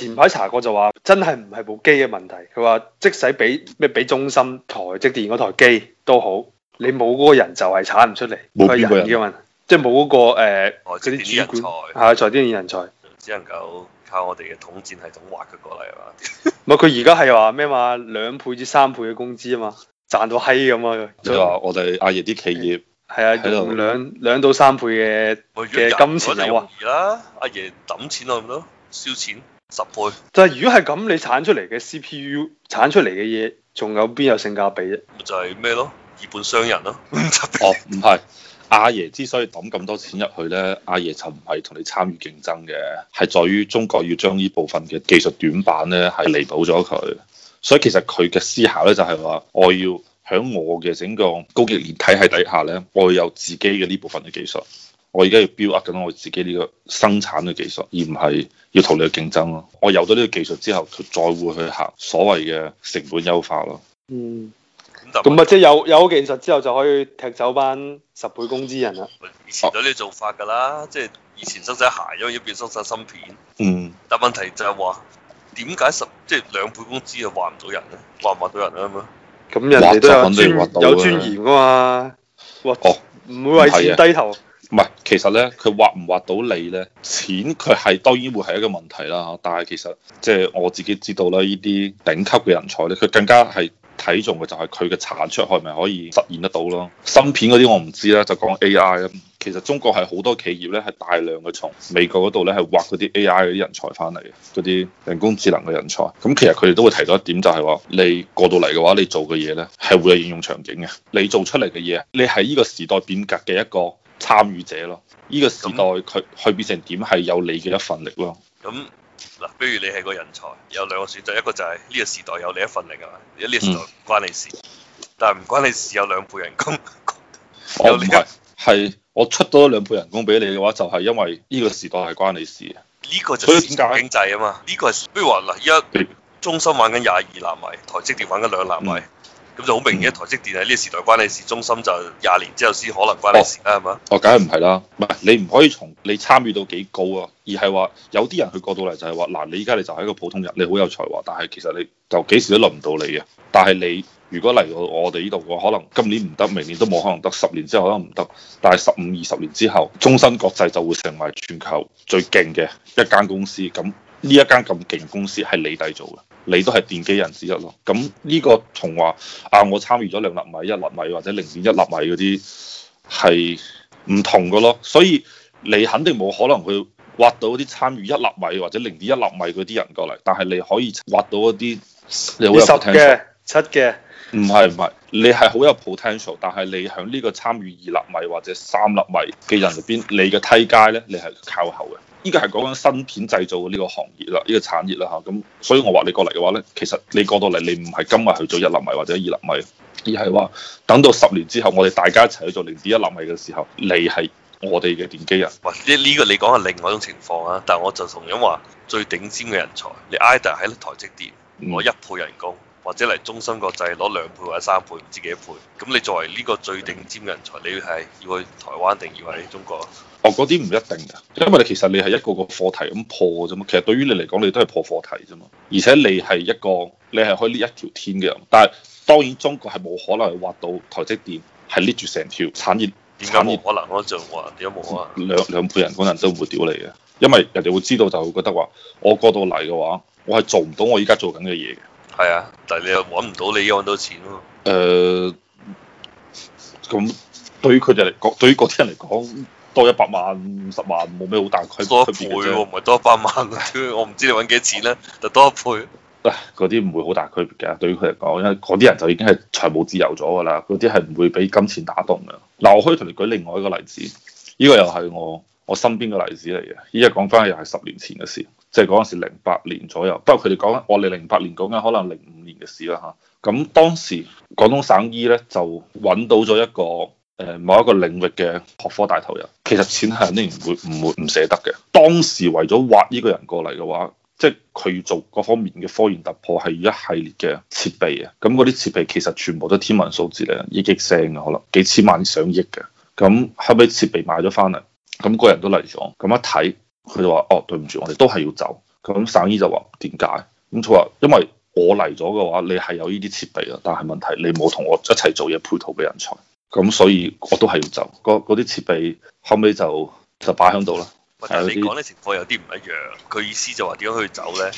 前排查過就話，真係唔係部機嘅問題。佢話，即使俾咩俾中芯台積電嗰台機都好，你冇嗰個人就係產唔出嚟。冇人嘅問題，就是、即係冇嗰個誒嗰、呃啊、主管。係啊，財經人才。啊、人才只能夠靠我哋嘅統戰系統挖佢過嚟啊！唔係佢而家係話咩嘛？兩倍至三倍嘅工資啊嘛，賺到閪咁啊！就話我哋阿、啊、爺啲企業係啊，用兩兩到三倍嘅嘅金錢嚟啦，阿、啊、爺抌錢落去咯，燒、啊錢，啊、錢。十倍，就係如果係咁，你產出嚟嘅 CPU，產出嚟嘅嘢，仲有邊有性價比啫？就係咩咯？二本商人咯，唔得。哦，唔係，阿爺之所以抌咁多錢入去呢，阿爺就唔係同你參與競爭嘅，係在於中國要將呢部分嘅技術短板呢係彌補咗佢。所以其實佢嘅思考呢，就係、是、話，我要響我嘅整個高技術體系底下呢，我有自己嘅呢部分嘅技術。我而家要標壓緊我自己呢個生產嘅技術，而唔係要同你去競爭咯。我有咗呢個技術之後，佢再會去行所謂嘅成本優化咯。嗯，咁啊、嗯，即係有有技術之後就可以踢走班十倍工資人啦。以前有呢做法噶啦，即係以前縮晒鞋，而家要變縮晒芯片。嗯，但問題就係、是、話，點解十即係兩倍工資就挖唔到人咧？挖唔挖到人啊咁啊？咁人哋都有尊都有尊嚴噶嘛？哇哦，唔、哦、會為錢低頭。唔係，其實咧，佢挖唔挖到你咧？錢佢係當然會係一個問題啦，但係其實即係、就是、我自己知道啦，呢啲頂級嘅人才咧，佢更加係睇重嘅就係佢嘅產出，係咪可以實現得到咯？芯片嗰啲我唔知啦，就講 A I 咁。其實中國係好多企業咧，係大量嘅從美國嗰度咧係挖嗰啲 A I 嗰啲人才翻嚟嘅嗰啲人工智能嘅人才。咁其實佢哋都會提到一點、就是，就係話你過到嚟嘅話，你做嘅嘢咧係會有應用場景嘅。你做出嚟嘅嘢，你喺呢個時代變革嘅一個。參與者咯，呢、這個時代佢佢變成點係有你嘅一份力咯。咁嗱，比如你係個人才，有兩個選擇，一個就係呢個時代有你一份力啊嘛，依啲時代唔關你事，嗯、但係唔關你事有兩倍人工。我點解，係、哦、我出多兩倍人工俾你嘅話，就係、是、因為呢個時代係關你事啊。呢個就經濟啊嘛，呢個係譬如話嗱，依家中芯玩緊廿二納米，台積電玩緊兩納米。嗯嗯。咁就好明顯，台積電喺呢個時代關你事，中心，就廿年之後先可能關你事、oh, 吧啦，係嘛？哦，梗係唔係啦？唔係你唔可以從你參與到幾高啊，而係話有啲人去過到嚟就係話嗱，你而家你就係一個普通人，你好有才華，但係其實你就幾時都輪唔到你嘅。但係你如果嚟到我哋呢度嘅話，可能今年唔得，明年都冇可能得，十年之後都唔得，但係十五二十年之後，中芯國際就會成為全球最勁嘅一間公司。咁呢一間咁勁公司係你底做嘅。你都係電機人之一咯，咁呢個同話啊，我參與咗兩粒米、一粒米或者零點一粒米嗰啲係唔同嘅咯，所以你肯定冇可能去挖到啲參與一粒米或者零點一粒米嗰啲人過嚟，但係你可以挖到一啲十嘅、七嘅，唔係唔係，你係好有 potential，pot 但係你喺呢個參與二粒米或者三粒米嘅人入邊，你嘅梯階咧，你係靠後嘅。依家係講緊芯片製造呢個行業啦，呢、這個產業啦嚇，咁所以我話你過嚟嘅話咧，其實你過到嚟，你唔係今日去做一納米或者二納米，而係話等到十年之後，我哋大家一齊去做零點一納米嘅時候，你係我哋嘅奠基人。喂，呢、這、呢個你講係另外一種情況啊，但係我就同樣話，最頂尖嘅人才，你 IDA 喺台積電，我一倍人工。或者嚟中芯國際攞兩倍或者三倍，唔知幾多倍。咁你作為呢個最頂尖嘅人才，你係要去台灣定要喺中國？哦，嗰啲唔一定嘅，因為你其實你係一個個課題咁破嘅啫嘛。其實對於你嚟講，你都係破課題啫嘛。而且你係一個你係可以呢一條天嘅人，但係當然中國係冇可能去挖到台積電係捏住成條產業，點解冇可能啊？就話點解冇可能啊？兩兩倍人可能都唔會屌你嘅，因為人哋會知道就會覺得話我過到嚟嘅話，我係做唔到我依家做緊嘅嘢嘅。係啊，但係你又揾唔到，你依家揾到錢咯、啊。誒、呃，咁對於佢哋嚟講，對於嗰啲人嚟講，多一百萬、五十萬冇咩好大區區別嘅啫。多一倍、啊，唔係多一百萬、啊，唉我唔知你揾幾多錢咧、啊，但多一倍、啊。嗰啲唔會好大區別嘅，對於佢嚟講，因為嗰啲人就已經係財務自由咗噶啦，嗰啲係唔會俾金錢打動嘅。嗱，我可以同你舉另外一個例子，呢、這個又係我我身邊嘅例子嚟嘅，依家講翻又係十年前嘅事。即係嗰陣時零八年左右，不過佢哋講緊我哋零八年講緊可能零五年嘅事啦嚇。咁當時廣東省醫咧就揾到咗一個誒、呃、某一個領域嘅學科大頭人，其實錢係肯定唔會唔會唔捨得嘅。當時為咗挖呢個人過嚟嘅話，即係佢做各方面嘅科研突破，係一系列嘅設備啊。咁嗰啲設備其實全部都天文數字嚟，億億聲嘅，可能幾千萬上億嘅。咁後屘設備買咗翻嚟，咁、那個人都嚟咗，咁一睇。佢就話：哦，對唔住，我哋都係要走。咁省醫就話點解？咁佢話因為我嚟咗嘅話，你係有呢啲設備啊，但係問題你冇同我一齊做嘢配套嘅人才，咁所以我都係要走。嗰啲設備後尾就就擺響度啦。但係你講嘅情況有啲唔一樣，佢意思就話點解可以走呢？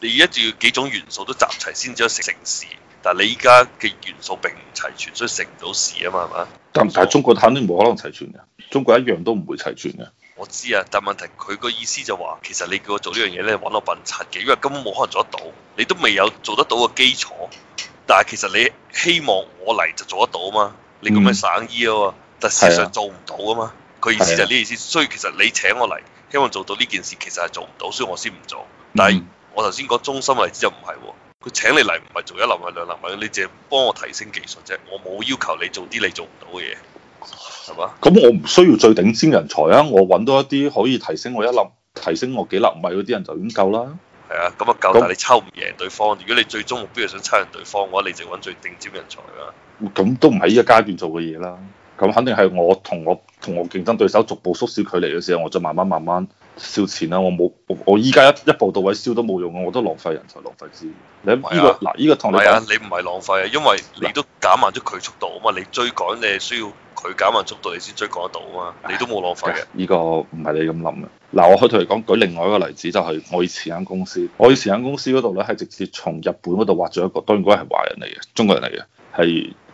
你依家仲要幾種元素都集齊先至可以成成事，但係你依家嘅元素並唔齊全，所以成唔到事啊嘛，係嘛？但係中國肯定冇可能齊全嘅，中國一樣都唔會齊全嘅。我知啊，但問題佢個意思就話，其實你叫我做呢樣嘢呢，揾我笨柒嘅，因為根本冇可能做得到，你都未有做得到嘅基礎。但係其實你希望我嚟就做得到啊嘛，你咁樣省醫啊嘛，但事實做唔到啊嘛。佢意思就係呢意思，所以其實你請我嚟，希望做到呢件事其實係做唔到，所以我先唔做。但係我頭先講中芯位置就唔係喎，佢請你嚟唔係做一流係兩流嘅，你淨係幫我提升技術啫，我冇要求你做啲你做唔到嘅嘢。係嘛？咁我唔需要最頂尖人才啊！我搵到一啲可以提升我一粒、提升我幾粒米嗰啲人就已經夠啦。係啊，咁啊夠，但係你抽唔贏對方。那如果你最終目標係想抽贏對方嘅話，你就搵最頂尖人才啦。咁都唔喺呢個階段做嘅嘢啦。咁肯定係我同我同我競爭對手逐步縮小距離嘅時候，我再慢慢慢慢燒錢啦。我冇我依家一一步到位燒都冇用，我都浪費人才、浪費資源。你呢、啊這個嗱呢、這個同你唔係啊？你唔係浪費啊，因為你都。 減慢咗佢速度啊嘛，你追趕你係需要佢減慢速度，你先追趕得到啊嘛，你都冇浪費嘅。依、哎這個唔係你咁諗嘅。嗱，我可以同你講舉另外一個例子，就係我以前間公司，我以前間公司嗰度咧係直接從日本嗰度挖咗一個，當然嗰係華人嚟嘅，中國人嚟嘅，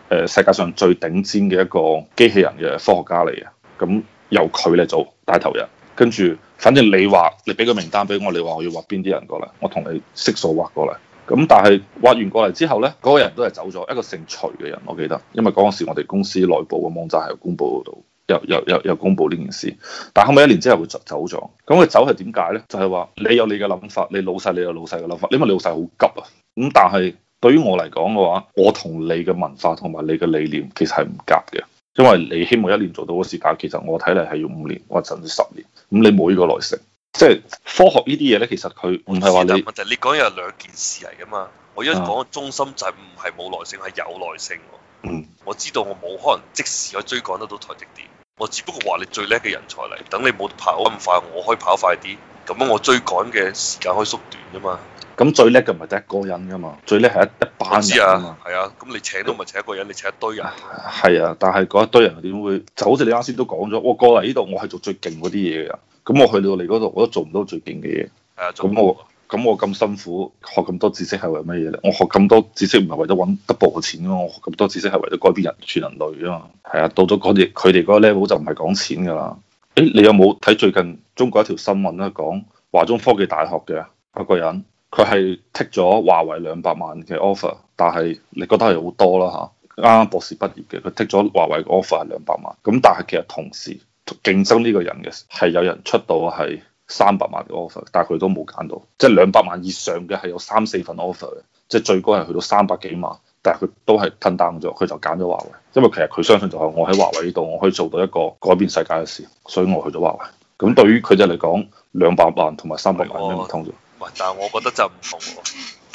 係誒世界上最頂尖嘅一個機器人嘅科學家嚟嘅。咁由佢嚟做帶頭人，跟住反正你話你俾個名單俾我，你話我要挖邊啲人過嚟，我同你悉數挖過嚟。咁但係挖完過嚟之後呢，嗰個人都係走咗，一個姓徐嘅人，我記得，因為嗰陣時我哋公司內部嘅網站係有公佈到，有有有有公佈呢件事。但後尾一年之後佢就走咗。咁佢走係點解呢？就係話你有你嘅諗法，你老細你有老細嘅諗法。因為你老細好急啊。咁但係對於我嚟講嘅話，我同你嘅文化同埋你嘅理念其實係唔夾嘅。因為你希望一年做到嘅事架，其實我睇嚟係要五年或者甚至十年。咁你冇呢個耐性。即係科學呢啲嘢咧，其實佢唔係話你問題。你講嘢係兩件事嚟噶嘛？我一講中心就唔係冇耐性，係有耐性。耐性嗯。我知道我冇可能即時去追趕得到台積電。我只不過話你最叻嘅人才嚟，等你冇跑咁快，我可以跑快啲。咁樣我追趕嘅時間可以縮短噶嘛。咁最叻嘅唔係得一個人噶嘛，最叻係一一班人啊。係啊。咁你請都唔係請一個人，你請一堆人。係啊，啊，但係嗰一堆人點會？就好似你啱先都講咗，哦，我過嚟呢度，我係做最勁嗰啲嘢嘅。咁我去到你嗰度，我都做唔到最勁嘅嘢。係啊，咁我咁我咁辛苦學咁多知識係為乜嘢咧？我學咁多知識唔係為咗揾 double 嘅錢咯，我學咁多知識係為咗改變人全人類啊嘛。係啊，到咗嗰啲佢哋嗰個 level 就唔係講錢㗎啦。誒，你有冇睇最近中國一條新聞咧？講華中科技大學嘅一個人，佢係 take 咗華為兩百萬嘅 offer，但係你覺得係好多啦嚇。啱啱博士畢業嘅，佢 take 咗華為嘅 offer 係兩百萬，咁但係其實同時。競爭呢個人嘅，係有人出到係三百萬嘅 offer，但係佢都冇揀到，即係兩百萬以上嘅，係有三四份 offer 嘅，即係最高係去到三百幾萬，但係佢都係 turn down 咗，佢就揀咗華為，因為其實佢相信就係我喺華為呢度我可以做到一個改變世界嘅事，所以我去咗華為。咁對於佢就嚟講，兩百萬同埋三百萬都唔通咗。但係我覺得就唔同咯，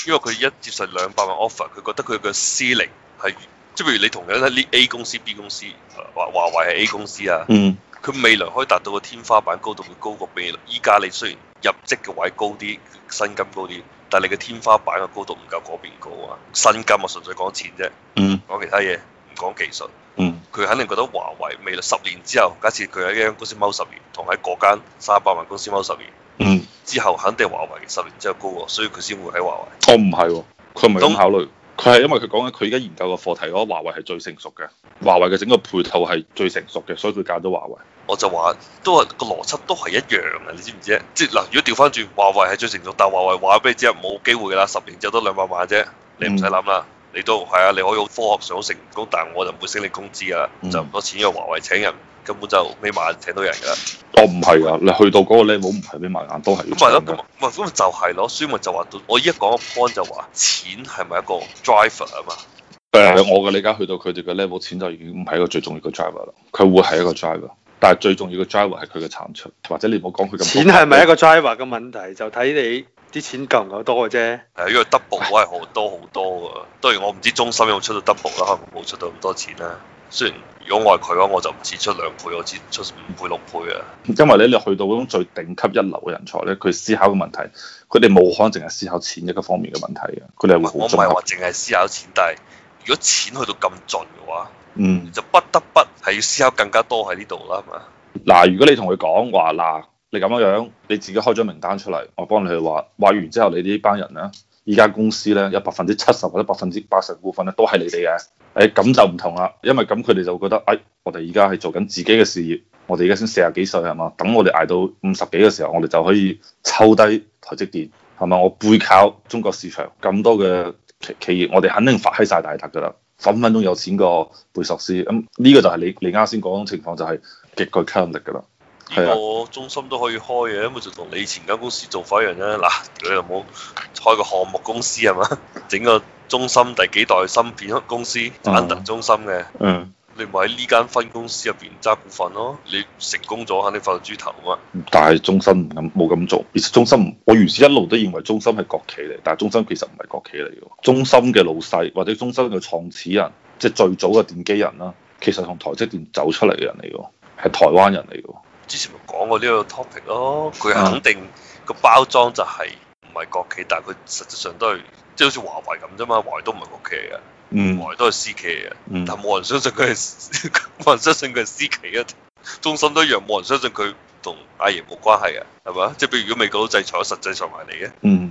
因為佢一接受兩百萬 offer，佢覺得佢嘅資歷係，即係譬如你同樣喺呢 A 公司 B 公司，華華為係 A 公司啊。嗯。佢未來可以達到個天花板高度，會高過未來依家。你雖然入職嘅位高啲，薪金高啲，但係你嘅天花板嘅高度唔夠嗰邊高啊！薪金我純粹講錢啫，嗯，講其他嘢唔講技術，嗯，佢肯定覺得華為未來十年之後，假設佢喺呢間公司踎十年，同喺嗰間三百萬公司踎十年，嗯，之後肯定華為十年之後高，所以佢先會喺華為。我唔係喎，佢唔係咁考慮。佢係因為佢講緊，佢而家研究嘅課題嗰個華為係最成熟嘅，華為嘅整個配套係最成熟嘅，所以佢揀咗華為。我就話都係個邏輯都係一樣嘅，你知唔知？即係嗱，如果調翻轉，華為係最成熟，但係華為話俾你知啊，冇機會㗎啦，十年之後只得兩百萬啫，你唔使諗啦。嗯你都係啊！你可以科學上好成功，但係我就唔會升你工資啊！嗯、就咁多錢，因為華為請人根本就眯埋眼請到人㗎。哦，唔係啊！你去到嗰個 level 唔係眯埋眼，都係唔咪咯咁。咪咁、啊、就係咯，所以咪就話到我依家講個 point 就話錢係咪一個 driver 啊嘛、嗯？誒，我嘅理解去到佢哋嘅 level，錢就已經唔係一個最重要嘅 driver 啦。佢會係一個 driver，但係最重要嘅 driver 係佢嘅產出，或者你唔好講佢咁多。錢係咪一個 driver 嘅問題？就睇你。啲錢夠唔夠多嘅啫？係啊，因為 double 我係好多好多㗎。當 然我唔知中芯有冇出到 double 啦，可能冇出到咁多錢啦。雖然如果我係佢嘅話，我就唔止出兩倍，我只出五倍、六倍啊。因為咧，你去到嗰種最頂級一流嘅人才咧，佢思考嘅問題，佢哋冇可能淨係思考錢一個方面嘅問題啊。佢哋會好我唔係話淨係思考錢，但係如果錢去到咁盡嘅話，嗯，就不得不係要思考更加多喺呢度啦，係嘛？嗱、嗯， 如果你同佢講話嗱。你咁樣樣，你自己開張名單出嚟，我幫你去話，話完之後你呢班人呢，而家公司呢，有百分之七十或者百分之八十股份呢，都係你哋嘅，誒、欸、咁就唔同啦，因為咁佢哋就會覺得，誒、哎、我哋而家係做緊自己嘅事業，我哋而家先四十幾歲，係嘛？等我哋挨到五十幾嘅時候，我哋就可以抽低台積電，係嘛？我背靠中國市場咁多嘅企企業，我哋肯定發起晒大達噶啦，分分鐘有錢過貝索斯，咁呢個就係你你啱先講情況就係極具吸引力噶啦。呢個中芯都可以開嘅，咁咪就同你前間公司做法一樣啫。嗱，你又冇開個項目公司係嘛？整個中芯第幾代芯片公司產能中芯嘅，嗯，嗯，你咪喺呢間分公司入邊揸股份咯。你成功咗，肯定發到豬頭啊嘛！但係中芯唔敢冇咁做，而且中芯我原先一路都認為中芯係國企嚟，但係中芯其實唔係國企嚟嘅。中芯嘅老細或者中芯嘅創始人，即係最早嘅奠基人啦，其實從台積電走出嚟嘅人嚟嘅，係台灣人嚟嘅。之前咪講過呢個 topic 咯，佢肯定個包裝就係唔係國企，但係佢實質上都係即係好似華為咁啫嘛，華為都唔係國企嘅，嗯、華為都係私企嘅，但冇人相信佢，冇 人相信佢係私企啊，中芯都一樣，冇人相信佢同阿爺冇關係啊，係嘛？即係譬如如果美國佬制裁，實際上埋嚟嘅。嗯